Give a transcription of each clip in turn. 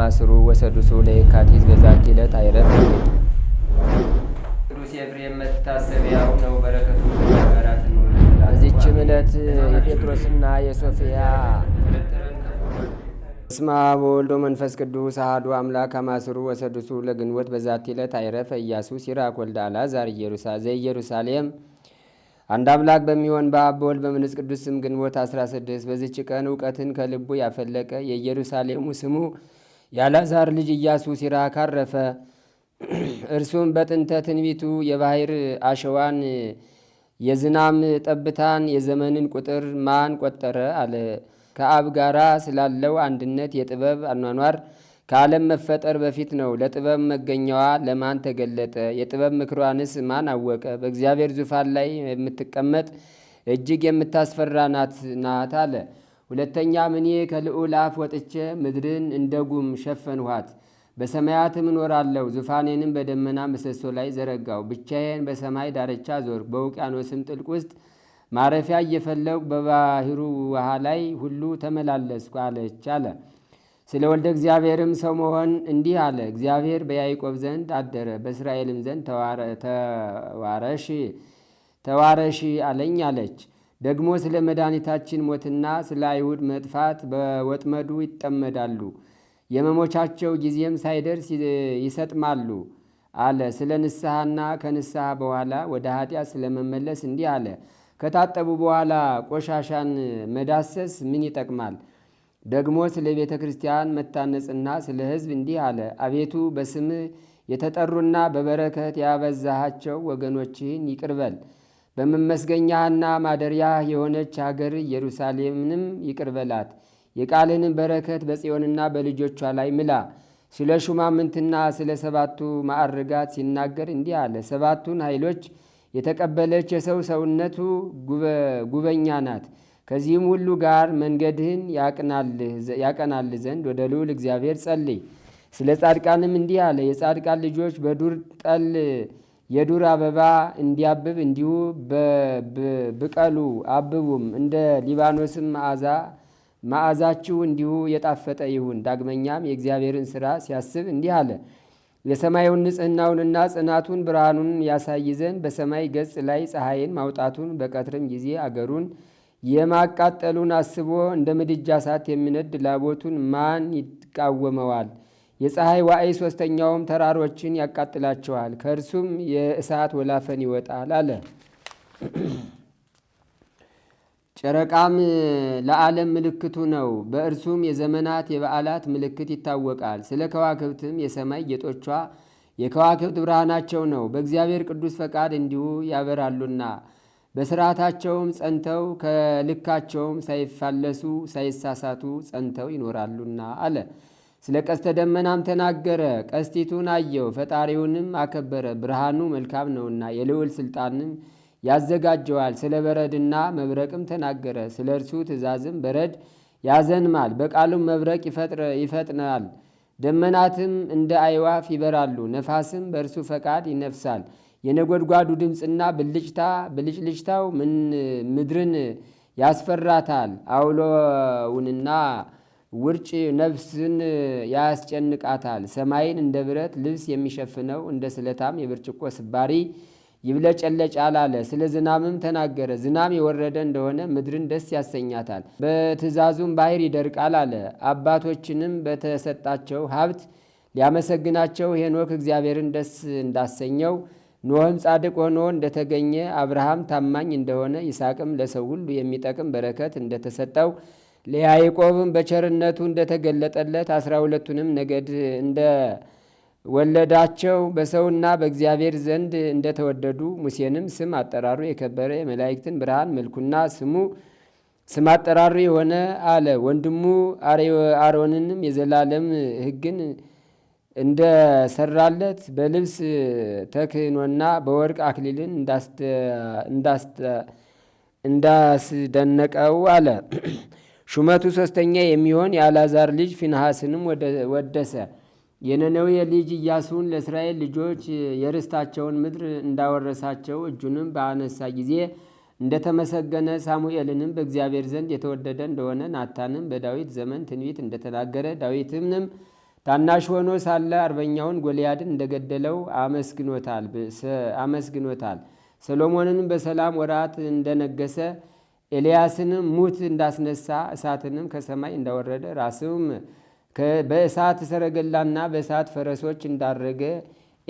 ማስሩ ወሰዱሱ ለየካቲት በዛቲ ዕለት አይረፍ። ቅዱስ ኤፍሬም መታሰቢያው ነው። በረከቱ ጋራት በዚችም ዕለት የጴጥሮስና የሶፊያ እስማ ወልዶ መንፈስ ቅዱስ አህዱ አምላክ አማስሩ ወሰዱሱ ለግንቦት በዛቲ ዕለት አይረፈ ኢያሱ ሲራክ ወልደ አልዓዛር ዘኢየሩሳሌም። አንድ አምላክ በሚሆን በአብ በወልድ በመንፈስ ቅዱስ ስም ግንቦት 16 በዚች ቀን እውቀትን ከልቡ ያፈለቀ የኢየሩሳሌሙ ስሙ የአልዓዛር ልጅ ኢያሱ ሲራክ አረፈ። እርሱም በጥንተ ትንቢቱ የባህር አሸዋን የዝናም ጠብታን የዘመንን ቁጥር ማን ቆጠረ አለ። ከአብ ጋራ ስላለው አንድነት የጥበብ አኗኗር ከዓለም መፈጠር በፊት ነው። ለጥበብ መገኛዋ ለማን ተገለጠ? የጥበብ ምክሯንስ ማን አወቀ? በእግዚአብሔር ዙፋን ላይ የምትቀመጥ እጅግ የምታስፈራ ናት ናት አለ። ሁለተኛም እኔ ከልዑል አፍ ወጥቼ ምድርን እንደ ጉም ሸፈንኋት፣ በሰማያትም እኖራለሁ። ዙፋኔንም በደመና ምሰሶ ላይ ዘረጋው። ብቻዬን በሰማይ ዳርቻ ዞር፣ በውቅያኖስም ጥልቅ ውስጥ ማረፊያ እየፈለጉ በባህሩ ውሃ ላይ ሁሉ ተመላለስኩ አለች አለ። ስለ ወልደ እግዚአብሔርም ሰው መሆን እንዲህ አለ። እግዚአብሔር በያይቆብ ዘንድ አደረ፣ በእስራኤልም ዘንድ ተዋረሽ ተዋረሽ አለኝ አለች። ደግሞ ስለ መድኃኒታችን ሞትና ስለ አይሁድ መጥፋት በወጥመዱ ይጠመዳሉ። የመሞቻቸው ጊዜም ሳይደርስ ይሰጥማሉ አለ። ስለ ንስሐና ከንስሐ በኋላ ወደ ኃጢአት ስለመመለስ እንዲህ አለ። ከታጠቡ በኋላ ቆሻሻን መዳሰስ ምን ይጠቅማል? ደግሞ ስለ ቤተ ክርስቲያን መታነጽና ስለ ሕዝብ እንዲህ አለ። አቤቱ በስምህ የተጠሩና በበረከት ያበዛሃቸው ወገኖችህን ይቅርበል በመመስገኛህና ማደሪያ የሆነች ሀገር ኢየሩሳሌምንም ይቅርበላት። የቃልንም በረከት በጽዮንና በልጆቿ ላይ ምላ። ስለ ሹማምንትና ስለ ሰባቱ ማዕርጋት ሲናገር እንዲህ አለ። ሰባቱን ኃይሎች የተቀበለች የሰው ሰውነቱ ጉበኛ ናት። ከዚህም ሁሉ ጋር መንገድህን ያቀናል ዘንድ ወደ ልዑል እግዚአብሔር ጸልይ። ስለ ጻድቃንም እንዲህ አለ። የጻድቃን ልጆች በዱር ጠል የዱር አበባ እንዲያብብ እንዲሁ ብቀሉ አብቡም፣ እንደ ሊባኖስም መዓዛ መዓዛችሁ እንዲሁ የጣፈጠ ይሁን። ዳግመኛም የእግዚአብሔርን ስራ ሲያስብ እንዲህ አለ። የሰማዩን ንጽህናውንና ጽናቱን ብርሃኑን ያሳይ ዘንድ በሰማይ ገጽ ላይ ፀሐይን ማውጣቱን በቀትርም ጊዜ አገሩን የማቃጠሉን አስቦ እንደ ምድጃ እሳት የሚነድ ላቦቱን ማን ይቃወመዋል? የፀሐይ ዋይ ሶስተኛውም ተራሮችን ያቃጥላቸዋል፣ ከእርሱም የእሳት ወላፈን ይወጣል አለ። ጨረቃም ለዓለም ምልክቱ ነው፣ በእርሱም የዘመናት የበዓላት ምልክት ይታወቃል። ስለ ከዋክብትም የሰማይ ጌጦቿ የከዋክብት ብርሃናቸው ነው፣ በእግዚአብሔር ቅዱስ ፈቃድ እንዲሁ ያበራሉና በስርዓታቸውም ጸንተው ከልካቸውም ሳይፋለሱ ሳይሳሳቱ ጸንተው ይኖራሉና አለ። ስለ ቀስተ ደመናም ተናገረ። ቀስቲቱን አየው፣ ፈጣሪውንም አከበረ። ብርሃኑ መልካም ነውና የልዑል ስልጣንም ያዘጋጀዋል። ስለ በረድና መብረቅም ተናገረ። ስለ እርሱ ትእዛዝም በረድ ያዘንማል፣ በቃሉም መብረቅ ይፈጥናል። ደመናትም እንደ አይዋፍ ይበራሉ፣ ነፋስም በእርሱ ፈቃድ ይነፍሳል። የነጎድጓዱ ድምፅና ብልጭታ ብልጭልጭታው ምድርን ያስፈራታል። አውሎውንና ውርጭ ነፍስን ያስጨንቃታል። ሰማይን እንደ ብረት ልብስ የሚሸፍነው እንደ ስለታም የብርጭቆ ስባሪ ይብለጨለጫል አለ። ስለ ዝናምም ተናገረ። ዝናም የወረደ እንደሆነ ምድርን ደስ ያሰኛታል። በትእዛዙም ባህር ይደርቃል አለ። አባቶችንም በተሰጣቸው ሀብት ሊያመሰግናቸው ሄኖክ እግዚአብሔርን ደስ እንዳሰኘው፣ ኖህም ጻድቅ ሆኖ እንደተገኘ፣ አብርሃም ታማኝ እንደሆነ፣ ይስሐቅም ለሰው ሁሉ የሚጠቅም በረከት እንደተሰጠው ለያዕቆብም በቸርነቱ እንደተገለጠለት አስራ ሁለቱንም ነገድ እንደ ወለዳቸው በሰውና በእግዚአብሔር ዘንድ እንደተወደዱ ሙሴንም ስም አጠራሩ የከበረ የመላእክትን ብርሃን መልኩና ስሙ ስም አጠራሩ የሆነ አለ። ወንድሙ አሮንንም የዘላለም ሕግን እንደሰራለት በልብስ ተክህኖና በወርቅ አክሊልን እንዳስደነቀው አለ። ሹመቱ ሶስተኛ የሚሆን የአላዛር ልጅ ፊንሐስንም ወደሰ። የነነዌ ልጅ ኢያሱን ለእስራኤል ልጆች የርስታቸውን ምድር እንዳወረሳቸው እጁንም በአነሳ ጊዜ እንደተመሰገነ ሳሙኤልንም በእግዚአብሔር ዘንድ የተወደደ እንደሆነ ናታንም በዳዊት ዘመን ትንቢት እንደተናገረ ዳዊትንም ታናሽ ሆኖ ሳለ አርበኛውን ጎልያድን እንደገደለው አመስግኖታል። ሰሎሞንንም በሰላም ወራት እንደነገሰ ኤልያስንም ሙት እንዳስነሳ እሳትንም ከሰማይ እንዳወረደ ራስም በእሳት ሰረገላና በእሳት ፈረሶች እንዳረገ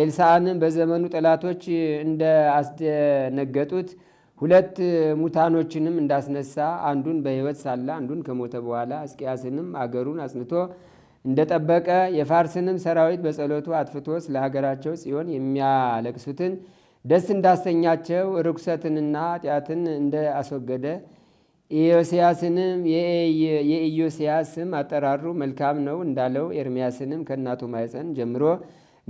ኤልሳዕንም በዘመኑ ጠላቶች አስደነገጡት ሁለት ሙታኖችንም እንዳስነሳ አንዱን በሕይወት ሳለ አንዱን ከሞተ በኋላ እስቅያስንም አገሩን አጽንቶ እንደጠበቀ የፋርስንም ሰራዊት በጸሎቱ አጥፍቶ ስለ ሀገራቸው ጽዮን የሚያለቅሱትን ደስ እንዳሰኛቸው ርኩሰትንና ኃጢአትን እንደ አስወገደ ኢዮስያስንም የኢዮስያስም አጠራሩ መልካም ነው እንዳለው ኤርምያስንም ከእናቱ ማይፀን ጀምሮ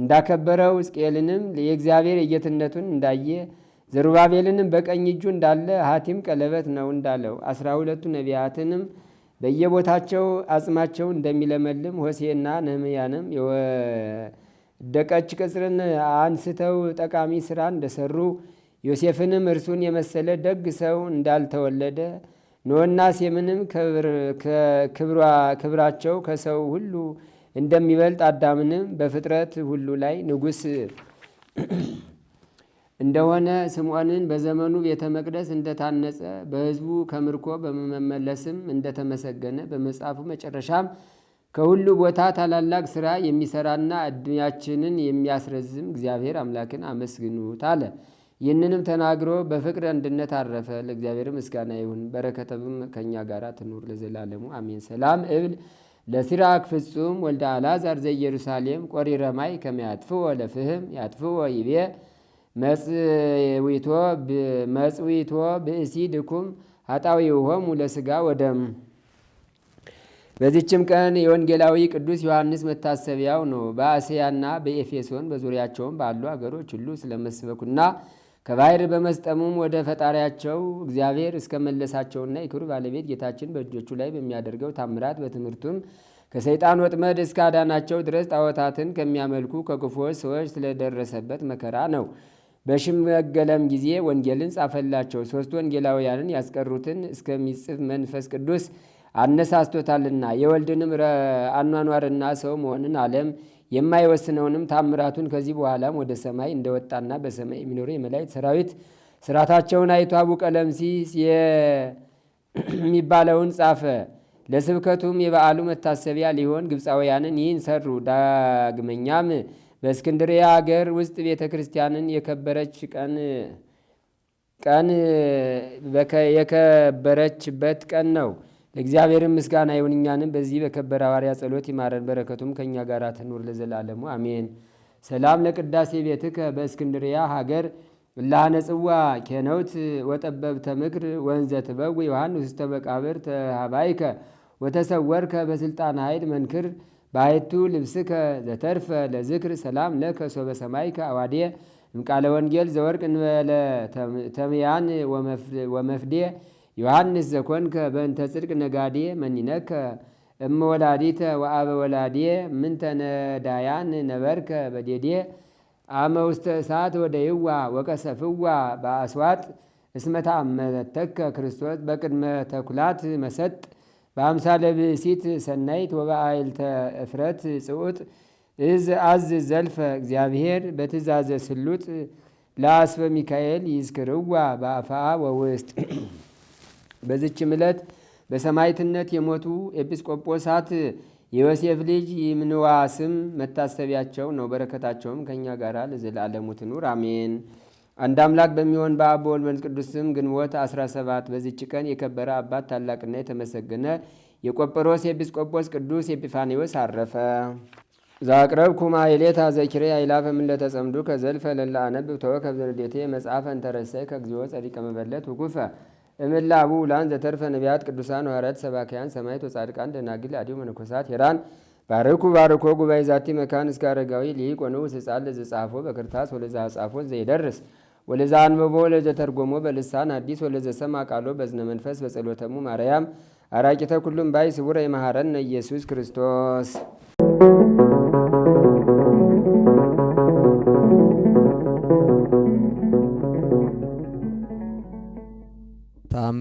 እንዳከበረው ሕዝቅኤልንም የእግዚአብሔር የጌትነቱን እንዳየ ዘሩባቤልንም በቀኝ እጁ እንዳለ ሀቲም ቀለበት ነው እንዳለው አስራ ሁለቱ ነቢያትንም በየቦታቸው አጽማቸው እንደሚለመልም ሆሴና ነህምያንም ደቀች ቅጽርን አንስተው ጠቃሚ ስራ እንደሰሩ ዮሴፍንም እርሱን የመሰለ ደግ ሰው እንዳልተወለደ ኖና ሴምንም ክብራቸው ከሰው ሁሉ እንደሚበልጥ አዳምንም በፍጥረት ሁሉ ላይ ንጉስ እንደሆነ ስምዖንን በዘመኑ ቤተ መቅደስ እንደታነጸ በህዝቡ ከምርኮ በመመለስም እንደተመሰገነ በመጽሐፉ መጨረሻም ከሁሉ ቦታ ታላላቅ ስራ የሚሰራና እድሜያችንን የሚያስረዝም እግዚአብሔር አምላክን አመስግኑት አለ። ይህንንም ተናግሮ በፍቅር አንድነት አረፈ። ለእግዚአብሔር ምስጋና ይሁን፣ በረከተም ከእኛ ጋር ትኑር ለዘላለሙ አሜን። ሰላም እብል ለሲራክ ፍጹም ወልደ አልዓዛር ዘኢየሩሳሌም ቆሪረ ማይ ከመ ለፍህም ያጥፍዎ ይቤ መጽዊቶ ብእሲ ድኩም ውሆም ለስጋ ወደም በዚችም ቀን የወንጌላዊ ቅዱስ ዮሐንስ መታሰቢያው ነው። በአስያና በኤፌሶን በዙሪያቸውም ባሉ አገሮች ሁሉ ስለመስበኩና ከባህር በመስጠሙም ወደ ፈጣሪያቸው እግዚአብሔር እስከመለሳቸውና የክብሩ ባለቤት ጌታችን በእጆቹ ላይ በሚያደርገው ታምራት በትምህርቱም ከሰይጣን ወጥመድ እስከ አዳናቸው ድረስ ጣዖታትን ከሚያመልኩ ከክፉዎች ሰዎች ስለደረሰበት መከራ ነው። በሽመገለም ጊዜ ወንጌልን ጻፈላቸው። ሦስቱ ወንጌላውያንን ያስቀሩትን እስከሚጽፍ መንፈስ ቅዱስ አነሳስቶታልና የወልድንም አኗኗርና ሰው መሆንን ዓለም የማይወስነውንም ታምራቱን ከዚህ በኋላም ወደ ሰማይ እንደወጣና በሰማይ የሚኖሩ የመላእክት ሰራዊት ስራታቸውን አይቶ አቡ ሲ የሚባለውን ጻፈ። ለስብከቱም የበዓሉ መታሰቢያ ሊሆን ግብፃውያንን ይህን ሰሩ። ዳግመኛም በእስክንድሪያ አገር ውስጥ ቤተ ክርስቲያንን የከበረች ቀን ቀን የከበረችበት ቀን ነው። ለእግዚአብሔር ምስጋና ይሁን እኛንም በዚህ በከበረ ሐዋርያ ጸሎት ይማረን፣ በረከቱም ከእኛ ጋር ትኑር ለዘላለሙ አሜን። ሰላም ለቅዳሴ ቤትከ በእስክንድርያ ሀገር ላነጽዋ ኬነውት ወጠበብ ተምክር ወንዘ ትበው ዮሐንስ ውስተ ተሃባይከ ወተሰወርከ በስልጣን ኃይል መንክር ባሕቱ ልብስከ ዘተርፈ ለዝክር ሰላም ለከ ሶበ ሰማይከ አዋዴ እምቃለ ወንጌል ዘወርቅ እንበለ ተምያን ወመፍዴ ዮሐንስ ዘኮንከ በእንተ ጽድቅ ነጋዴ መኒነከ እመ ወላዲተ ወአበ ወላዴ ምንተነዳያን ነዳያን ነበርከ በዴዴ አመ ውስተ እሳት ወደይዋ ወቀሰፍዋ በአስዋጥ እስመታ መተከ ክርስቶስ በቅድመ ተኩላት መሰጥ በአምሳለ ብእሲት ሰናይት ወበአይልተ እፍረት ጽዑጥ እዝ አዝ ዘልፈ እግዚአብሔር በትእዛዘ ስሉጥ ለአስፈ ሚካኤል ይዝክርዋ በአፍአ ወውስጥ በዝችም ዕለት በሰማይትነት የሞቱ ኤጲስቆጶሳት የዮሴፍ ልጅ ይምንዋ ስም መታሰቢያቸው ነው። በረከታቸውም ከእኛ ጋር ለዘላለሙ ትኑር አሜን። አንድ አምላክ በሚሆን በአብ በወልድ በመንፈስ ቅዱስ ስም ግንቦት 17 በዚች ቀን የከበረ አባት ታላቅና የተመሰገነ የቆጵሮስ ኤጲስቆጶስ ቅዱስ ኤጲፋኔዎስ አረፈ። ዛቅረብ ኩማ የሌታ ዘኪሬ አእላፈ ምለተ ጸምዱ ከዘልፈ ለላ አነብብ ተወ ከብዘ መጽሐፈ እንተረሰይ ከእግዚኦ ጸሪቀ መበለት ውጉፈ እምላ ላን ዘተርፈ ነቢያት ቅዱሳን ሐዋርያት ሰባካያን ሰማይ ወጻድቃን ደናግል አዲው መነኮሳት ሄራን ባርኩ ባርኮ ጉባኤ ዛቲ መካን እስከ አረጋዊ ሊቅ ንዑስ ሕፃን ለዘጻፎ በክርታስ ወለዛ ጻፎ ዘይደርስ ወለዛ አንብቦ ወለዘተርጎሞ በልሳን አዲስ ወለዘ ሰማ ቃሎ በዝነ መንፈስ በጸሎተሙ ማርያም አራቂተ ኩሉም ባይ ስቡረ የመሐረነ ኢየሱስ ክርስቶስ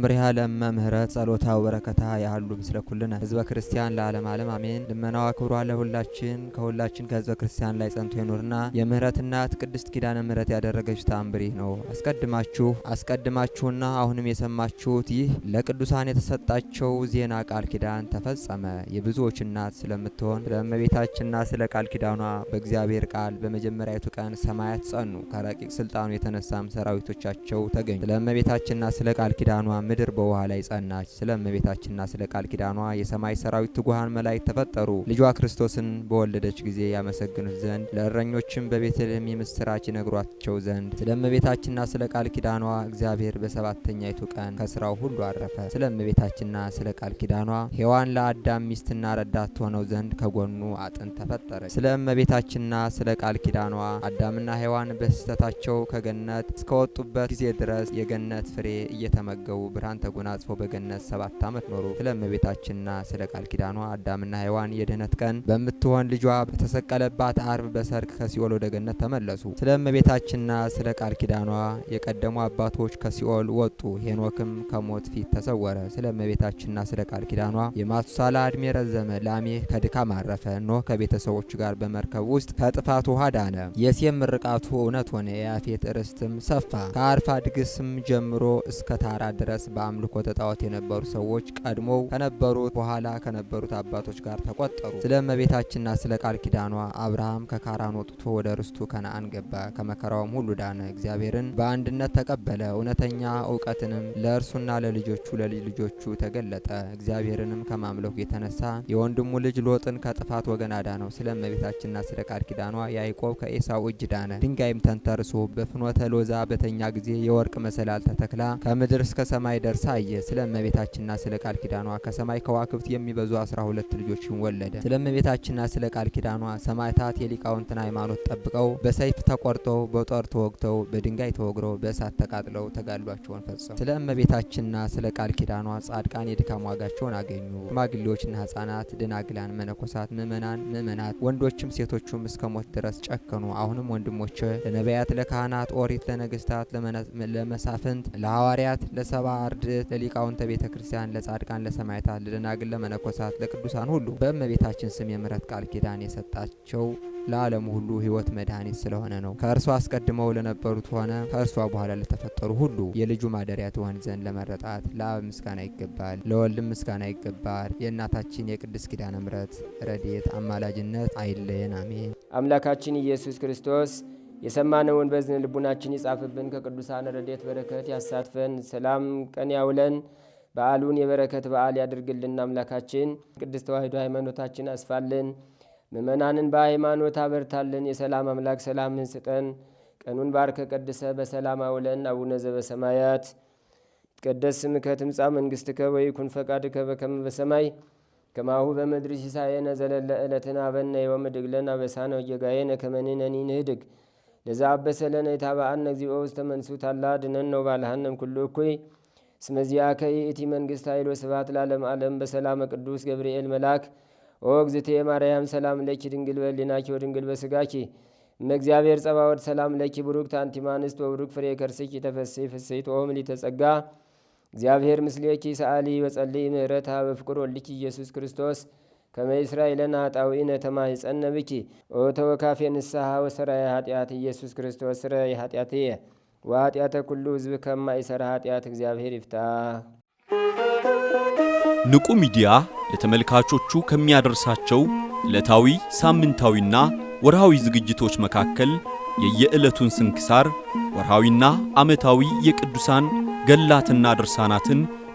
እምብሪሃ ለእመ ምህረት ጸሎታ ወበረከታ ያህሉ ምስለ ኩልነ ህዝበ ክርስቲያን ለዓለም ዓለም አሜን። ልመናዋ ክብሯ ለሁላችን ከሁላችን ከህዝበ ክርስቲያን ላይ ጸንቶ ይኑርና የምህረት እናት ቅድስት ኪዳነ ምህረት ያደረገች ተአምብሪህ ነው። አስቀድማችሁ አስቀድማችሁና አሁንም የሰማችሁት ይህ ለቅዱሳን የተሰጣቸው ዜና ቃል ኪዳን ተፈጸመ። የብዙዎች እናት ስለምትሆን ስለ እመቤታችንና ስለ ቃል ኪዳኗ በእግዚአብሔር ቃል በመጀመሪያዊቱ ቀን ሰማያት ጸኑ። ከረቂቅ ስልጣኑ የተነሳም ሰራዊቶቻቸው ተገኙ። ስለ እመቤታችንና ስለ ቃል ኪዳኗ ምድር በውሃ ላይ ጸናች። ስለ እመቤታችንና ስለ ቃል ኪዳኗ የሰማይ ሰራዊት ትጉሃን መላእክት ተፈጠሩ። ልጇ ክርስቶስን በወለደች ጊዜ ያመሰግኑት ዘንድ ለእረኞችም በቤተልሔም የምስራች ይነግሯቸው ዘንድ ስለ እመቤታችንና ስለ ቃል ኪዳኗ እግዚአብሔር በሰባተኛይቱ ቀን ከስራው ሁሉ አረፈ። ስለ እመቤታችንና ስለ ቃል ኪዳኗ ሔዋን ለአዳም ሚስትና ረዳት ሆነው ዘንድ ከጎኑ አጥንት ተፈጠረ። ስለ እመቤታችንና ስለ ቃል ኪዳኗ አዳምና ሔዋን በስህተታቸው ከገነት እስከወጡበት ጊዜ ድረስ የገነት ፍሬ እየተመገቡ ብርሃን ተጎናጽፎ በገነት ሰባት ዓመት ኖሩ። ስለ እመቤታችንና ስለ ቃል ኪዳኗ አዳምና ሔዋን የድህነት ቀን በምትሆን ልጇ በተሰቀለባት አርብ በሰርክ ከሲኦል ወደ ገነት ተመለሱ። ስለ እመቤታችንና ስለ ቃል ኪዳኗ የቀደሙ አባቶች ከሲኦል ወጡ። ሄኖክም ከሞት ፊት ተሰወረ። ስለ እመቤታችንና ስለ ቃል ኪዳኗ የማቱሳላ እድሜ ረዘመ። ላሜህ ከድካም አረፈ። ኖህ ከቤተሰቦቹ ጋር በመርከብ ውስጥ ከጥፋት ውሃ ዳነ። የሴም ምርቃቱ እውነት ሆነ። የያፌት ርስትም ሰፋ። ከአርፋ ጀምሮ እስከ ታራ ድረስ በአምልኮ ጣዖት የነበሩ ሰዎች ቀድሞው ከነበሩት በኋላ ከነበሩት አባቶች ጋር ተቆጠሩ። ስለ እመቤታችንና ስለ ቃል ኪዳኗ አብርሃም ከካራን ወጥቶ ወደ ርስቱ ከነአን ገባ። ከመከራውም ሁሉ ዳነ። እግዚአብሔርን በአንድነት ተቀበለ። እውነተኛ እውቀትንም ለእርሱና ለልጆቹ ለልጅ ልጆቹ ተገለጠ። እግዚአብሔርንም ከማምለኩ የተነሳ የወንድሙ ልጅ ሎጥን ከጥፋት ወገን አዳነው። ስለ እመቤታችንና ስለ ቃል ኪዳኗ ያዕቆብ ከኤሳው እጅ ዳነ። ድንጋይም ተንተርሶ በፍኖተ ሎዛ በተኛ ጊዜ የወርቅ መሰላል ተተክላ ከምድር እስከ ሰማይ ሰማይ ደርሳ አየ። ስለ እመቤታችንና ስለ ቃል ኪዳኗ ከሰማይ ከዋክብት የሚበዙ አስራ ሁለት ልጆችን ወለደ። ስለ እመቤታችንና ስለ ቃል ኪዳኗ ሰማዕታት የሊቃውንትን ሃይማኖት ጠብቀው በሰይፍ ተቆርጠው በጦር ተወግተው በድንጋይ ተወግረው በእሳት ተቃጥለው ተጋድሏቸውን ፈጸሙ። ስለ እመቤታችንና ስለ ቃል ኪዳኗ ጻድቃን የድካም ዋጋቸውን አገኙ። ሽማግሌዎችና ህጻናት፣ ደናግላን፣ መነኮሳት፣ ምእመናን፣ ምእመናት ወንዶችም ሴቶቹም እስከ ሞት ድረስ ጨከኑ። አሁንም ወንድሞች ለነቢያት፣ ለካህናት ኦሪት፣ ለነገስታት፣ ለመሳፍንት፣ ለሐዋርያት፣ ለሰባ ለአርድእት፣ ለሊቃውንተ ቤተ ክርስቲያን፣ ለጻድቃን፣ ለሰማዕታት፣ ለደናግል፣ ለመነኮሳት፣ ለቅዱሳን ሁሉ በእመቤታችን ስም የምሕረት ቃል ኪዳን የሰጣቸው ለዓለም ሁሉ ሕይወት መድኃኒት ስለሆነ ነው። ከእርሷ አስቀድመው ለነበሩት ሆነ ከእርሷ በኋላ ለተፈጠሩ ሁሉ የልጁ ማደሪያ ትሆን ዘንድ ለመረጣት ለአብ ምስጋና ይገባል፣ ለወልድም ምስጋና ይገባል። የእናታችን የቅድስት ኪዳነ ምሕረት ረድኤት አማላጅነት አይለየን፣ አሜን። አምላካችን ኢየሱስ ክርስቶስ የሰማነውን በዝን ልቡናችን ይጻፍብን፣ ከቅዱሳን ረድኤት በረከት ያሳትፈን፣ ሰላም ቀን ያውለን፣ በዓሉን የበረከት በዓል ያድርግልን። አምላካችን ቅድስት ተዋሕዶ ሃይማኖታችን አስፋልን፣ ምእመናንን በሃይማኖት አበርታልን። የሰላም አምላክ ሰላምን ስጠን። ቀኑን ባርከ ቀድሰ በሰላም አውለን። አቡነ ዘበሰማያት ይትቀደስ ስምከ ትምጻእ መንግሥትከ ወይኩን ፈቃድከ በከመ በሰማይ ከማሁ በምድር ሲሳየነ ዘለለ ዕለትነ ሀበነ ዮም ወኅድግ ለነ አበሳነ ወጌጋየነ ከመ ንሕነኒ ንኅድግ ለዛ አበሰለነ የታባአን እግዚኦ ውስተ መንሱት አላ ድነን ነው ባልሃንም ኩሉ እኩይ ስመዚያ ከይ እቲ መንግስት ኃይሎ ስብሐት ላለም ዓለም በሰላመ ቅዱስ ገብርኤል መልአክ ኦ እግዝእቴ ማርያም ሰላም ለኪ ድንግል በሊናኪ ወድንግል በስጋኪ እመእግዚአብሔር ጸባወድ ሰላም ለኪ ብሩክ አንቲ እምአንስት ወብሩክ ፍሬ ከርስኪ ተፈሥሒ ፍሥሕት ኦም ምልዕተ ጸጋ እግዚአብሔር ምስሌኪ ሰአሊ ወጸልይ ምህረታ በፍቅር ወልኪ ኢየሱስ ክርስቶስ ከመእስራኤልን አጣዊነ ተማይጸነ ብኪ ኦቶ ወካፌ ንስሓ ወሰራ ኃጢአት ኢየሱስ ክርስቶስ ስረ ኃጢአትየ ወኃጢአተ ኩሉ ህዝብ ይሰራ ኃጢአት እግዚአብሔር ይፍታ። ንቁ ሚዲያ ለተመልካቾቹ ከሚያደርሳቸው ዕለታዊ ሳምንታዊና ወርሃዊ ዝግጅቶች መካከል የየዕለቱን ስንክሳር ወርሃዊና ዓመታዊ የቅዱሳን ገላትና ድርሳናትን